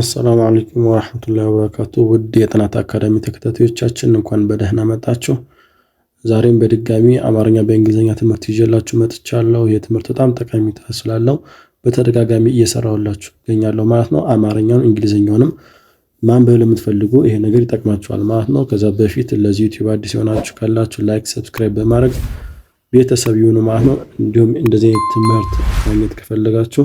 አሰላሙ አለይኩም ወራህመቱላሂ ወበረካቱ። ውድ የጥናት አካዳሚ ተከታታዮቻችን እንኳን በደህና መጣችሁ። ዛሬም በድጋሚ አማርኛ በእንግሊዝኛ ትምህርት ይዤላችሁ መጥቻለሁ። ይህ ትምህርት በጣም ጠቀሜታ ስላለው በተደጋጋሚ እየሰራሁላችሁ ገኛለሁ ማለት ነው። አማርኛውን እንግሊዝኛውንም ማንበብ ለምትፈልጉ ይሄ ነገር ይጠቅማችኋል ማለት ነው። ከዛ በፊት ለዚህ ዩቲዩብ አዲስ የሆናችሁ ካላችሁ ላይክ፣ ሰብስክራይብ በማድረግ ቤተሰብ ይሁኑ ማለት ነው። እንዲሁም እንደዚህ ትምህርት ማግኘት ከፈለጋችሁ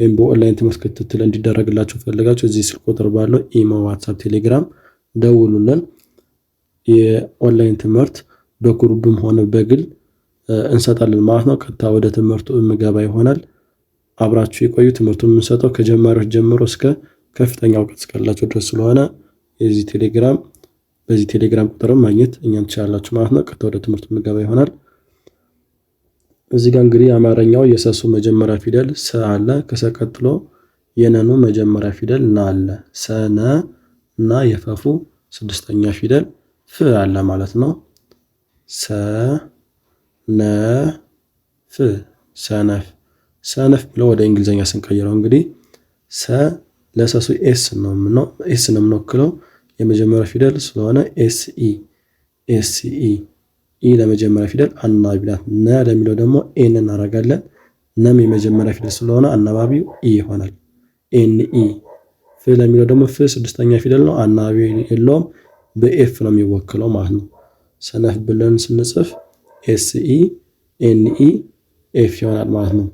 ወይም በኦንላይን ትምህርት ክትትል እንዲደረግላችሁ ፈልጋችሁ እዚህ ስልክ ቁጥር ባለው ኢሞ፣ ዋትሳፕ፣ ቴሌግራም ደውሉልን። የኦንላይን ትምህርት በግሩፕም ሆነ በግል እንሰጣለን ማለት ነው። ቀጥታ ወደ ትምህርቱ የምገባ ይሆናል። አብራችሁ የቆዩ ትምህርቱ የምንሰጠው ከጀማሪዎች ጀምሮ እስከ ከፍተኛ እውቀት እስካላቸው ድረስ ስለሆነ የዚህ ቴሌግራም በዚህ ቴሌግራም ቁጥርም ማግኘት እኛን ትችላላችሁ ማለት ነው። ቀጥታ ወደ ትምህርቱ የምገባ ይሆናል። እዚህ ጋር እንግዲህ አማርኛው የሰሱ መጀመሪያ ፊደል ሰ አለ። ከሰ ቀጥሎ የነኑ መጀመሪያ ፊደል ና አለ። ሰነ እና የፈፉ ስድስተኛ ፊደል ፍ አለ ማለት ነው። ሰ ነ ፍ ሰነፍ ሰነፍ ብለው ወደ እንግሊዝኛ ስንቀይረው እንግዲህ ሰ ለሰሱ ኤስ ነው የምንወክለው የመጀመሪያ ፊደል ስለሆነ ኤስኢ ኤስኢ ኢ ለመጀመሪያ ፊደል አናባቢ ናት። ነ ለሚለው ደግሞ ኤን እናደርጋለን። ነም የመጀመሪያ ፊደል ስለሆነ አናባቢው ኢ ይሆናል። ኤን ኢ። ፍ ለሚለው ደግሞ ፍ ስድስተኛ ፊደል ነው። አናባቢ የለውም። በኤፍ ነው የሚወክለው ማለት ነው። ሰነፍ ብለን ስንጽፍ ኤስ ኢ ኤን ኢ ኤፍ ይሆናል ማለት ነው።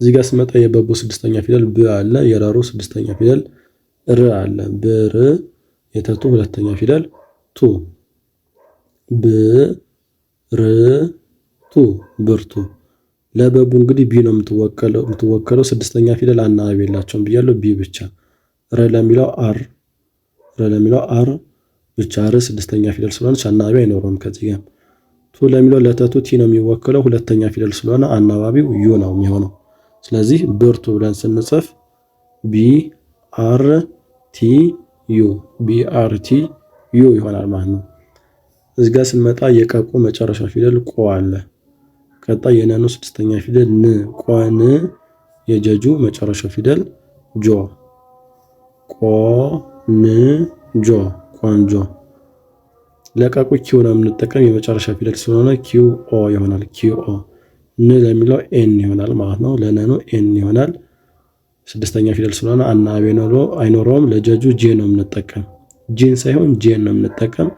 እዚህ ጋር ስመጣ የበቡ ስድስተኛ ፊደል ብ አለ። የረሩ ስድስተኛ ፊደል ር አለ። ብር የተቱ ሁለተኛ ፊደል ቱ ብርቱ ብርቱ ለበቡ እንግዲህ ቢ ነው የምትወከለው ስድስተኛ ፊደል አናባቢ የላቸውም ብያለው፣ ቢ ብቻ ረ ለሚለው አር ረ ለሚለው አር ብቻ ር ስድስተኛ ፊደል ስለሆነች አናባቢ አይኖረውም። ከዚህ ጋር ቱ ለሚለው ለተቱ ቲ ነው የሚወከለው ሁለተኛ ፊደል ስለሆነ አናባቢው ዩ ነው የሚሆነው። ስለዚህ ብርቱ ብለን ስንጽፍ ቢ አር ቲ ዩ ቢ አር ቲ ዩ ይሆናል ማለት ነው። እዚህ ጋር ስንመጣ የቀቁ መጨረሻ ፊደል ቆ አለ። ቀጣይ የነኑ ስድስተኛ ፊደል ን ቆን፣ የጀጁ መጨረሻ ፊደል ጆ ቆ ን ጆ ቆንጆ። ለቀቁ ኪው ነው የምንጠቀም የመጨረሻ ፊደል ስለሆነ ኪው ኦ ይሆናል። ኪው ኦ ን ለሚለው ኤን ይሆናል ማለት ነው። ለነኑ ኤን ይሆናል። ስድስተኛ ፊደል ስለሆነ አናባቢ አይኖረውም። ለጀጁ ጄ ነው የምንጠቀም። ጂን ሳይሆን ጄን ነው የምንጠቀም።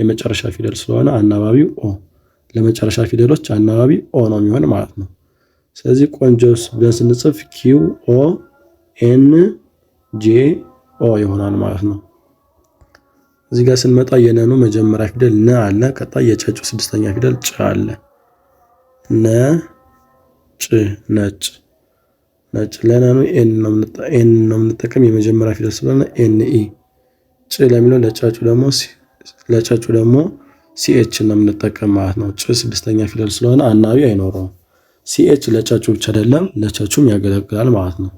የመጨረሻ ፊደል ስለሆነ አናባቢው ኦ ለመጨረሻ ፊደሎች አናባቢ ኦ ነው የሚሆን ማለት ነው። ስለዚህ ቆንጆስ ብለን ስንጽፍ ኪው ኦ ኤን ጄ ኦ ይሆናል ማለት ነው። እዚህ ጋር ስንመጣ የነኑ መጀመሪያ ፊደል ነ አለ። ቀጣይ የጨጩ ስድስተኛ ፊደል ጭ አለ። ነ ጭ ነጭ ነጭ። ለነኑ ኤን ነው የምንጠቀም የመጀመሪያ ፊደል ስለሆነ ኤን ኢ። ጭ ለሚለው ለጨጩ ደግሞ ለጨጩ ደግሞ ሲኤች ነው የምንጠቀም ማለት ነው። ጭ ስድስተኛ ፊደል ስለሆነ አናባቢ አይኖረውም። ሲኤች ለጨጩ ብቻ አይደለም ለቻቹም ያገለግላል ማለት ነው።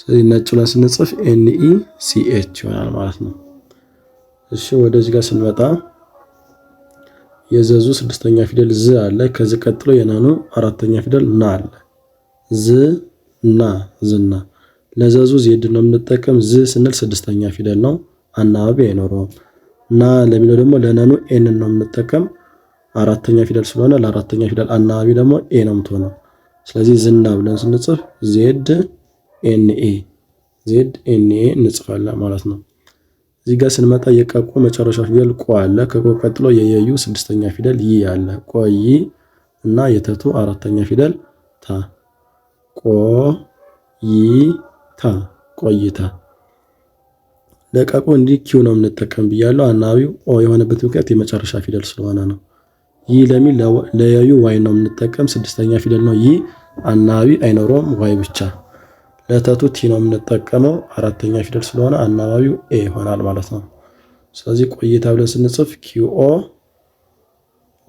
ስለዚህ ነጭ ብለን ስንጽፍ ኤንኢ ሲኤች ይሆናል ማለት ነው። እሺ ወደዚህ ጋር ስንመጣ የዘዙ ስድስተኛ ፊደል ዝ አለ። ከዚህ ቀጥሎ የናኑ አራተኛ ፊደል ና አለ። ዝ ና ዝና። ለዘዙ ዜድ ነው የምንጠቀም። ዝ ስንል ስድስተኛ ፊደል ነው፣ አናባቢ አይኖረውም። ና ለሚለው ደግሞ ለነኑ ኤን ነው የምንጠቀም አራተኛ ፊደል ስለሆነ ለአራተኛ ፊደል አናባቢ ደግሞ ኤ ነው የምትሆነው። ስለዚህ ዝና ብለን ስንጽፍ ዜድ ኤን ኤ ዜድ ኤን ኤ እንጽፋለን ማለት ነው። እዚህ ጋር ስንመጣ የቀቆ መጨረሻ ፊደል ቆ አለ። ከቆ ቀጥሎ የየዩ ስድስተኛ ፊደል ይ አለ። ቆይ እና የተቱ አራተኛ ፊደል ታ ቆ ይ ታ ቆይታ ለቀቁ እንዲህ ኪው ነው የምንጠቀም ብያለሁ። አናባቢው ኦ የሆነበት ምክንያት የመጨረሻ ፊደል ስለሆነ ነው። ይህ ለሚል ለያዩ ዋይ ነው የምንጠቀም፣ ስድስተኛ ፊደል ነው። ይህ አናባቢ አይኖረውም፣ ዋይ ብቻ። ለተቱ ቲ ነው የምንጠቀመው፣ አራተኛ ፊደል ስለሆነ አናባቢው ኤ ይሆናል ማለት ነው። ስለዚህ ቆይታ ብለን ስንጽፍ ኪኦ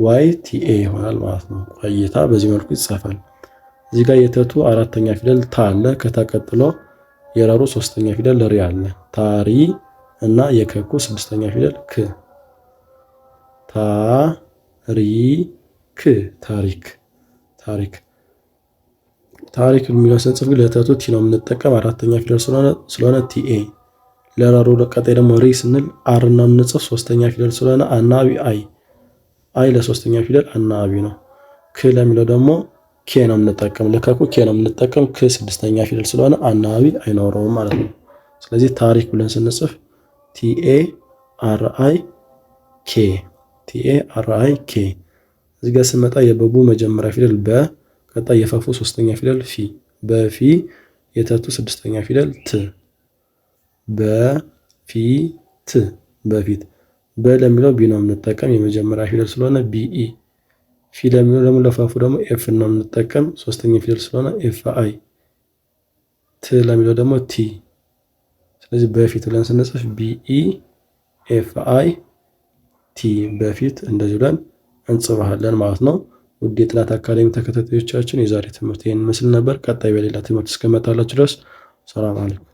ዋይ ቲኤ ይሆናል ማለት ነው። ቆይታ በዚህ መልኩ ይጻፋል። እዚህ ጋር የተቱ አራተኛ ፊደል ታ አለ። ከታቀጥሎ የራሩ ሶስተኛ ፊደል ሪ አለ። ታሪ እና የከኩ ስድስተኛ ፊደል ክ ክ ታሪክ ታሪክ ታሪክ የሚለውን ስንጽፍ ግን ለተቱ ቲ ነው የምንጠቀም አራተኛ ፊደል ስለሆነ ቲኤ ለራሩ ለቀጣይ ደግሞ ሪ ስንል አር እና የምንጽፍ ሶስተኛ ፊደል ስለሆነ አናቢ አይ አይ ለሶስተኛ ፊደል አናቢ ነው። ክ ለሚለው ደግሞ ኬ ነው የምንጠቀም ለከኩ ኬ ነው የምንጠቀም ክ ስድስተኛ ፊደል ስለሆነ አናቢ አይኖረውም ማለት ነው። ስለዚህ ታሪክ ብለን ስንጽፍ ቲኤ አርአይ ኬ ቲኤ አርአይ ኬ። እዚህ ጋር ስመጣ የበቡ መጀመሪያ ፊደል በ፣ ቀጣይ የፋፉ ሶስተኛ ፊደል ፊ፣ በፊ የተቱ ስድስተኛ ፊደል ት፣ በፊ ት በፊት። በ ለሚለው ቢ ነው የምንጠቀም የመጀመሪያ ፊደል ስለሆነ ቢኢ። ፊ ለሚለው ደግሞ ለፋፉ ደግሞ ኤፍ ነው የምንጠቀም ሶስተኛ ፊደል ስለሆነ ኤፍ አይ። ት ለሚለው ደግሞ ቲ ስለዚህ በፊት ብለን ስንጽፍ ቢኢ ኤፍ አይ ቲ በፊት እንደዚህ ብለን እንጽፋለን ማለት ነው። ውድ የጥናት አካዳሚ ተከታታዮቻችን የዛሬ ትምህርት ይህን ምስል ነበር። ቀጣይ በሌላ ትምህርት እስከመጣላችሁ ድረስ ሰላም አለይኩም።